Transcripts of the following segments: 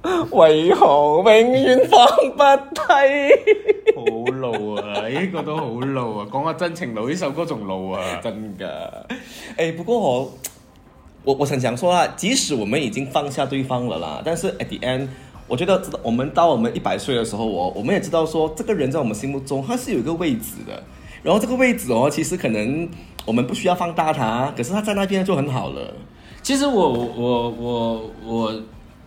為何永遠放不低？ 好 low 啊！呢、這個都好 low 啊！講下真情流呢首歌仲 low 啊！真的，誒、欸，不過、哦、我我我想講說啊，即使我們已經放下對方了啦，但是 at the end，我覺得，我們到我們一百歲的時候、哦，我我們也知道說，這個人在我們心目中，他是有一個位置的。然後這個位置哦，其實可能我們不需要放大他，可是他在那邊就很好了。其實我我我我。我我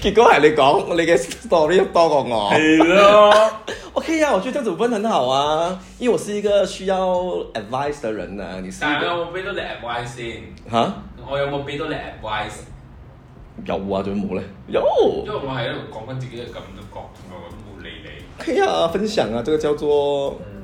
結果係你講你嘅 story 多過我，係咯的 ，OK 啊，我覺得這樣子分很好啊，因為我是一個需要 advice 的人啊，你，但係有冇俾到你 advice 先哈？吓？我有冇俾到你 advice？有啊，仲冇咧？有，因為我喺度講緊自己嘅感覺同埋我我都冇理你。K、okay、啊，分享啊，這個叫做。嗯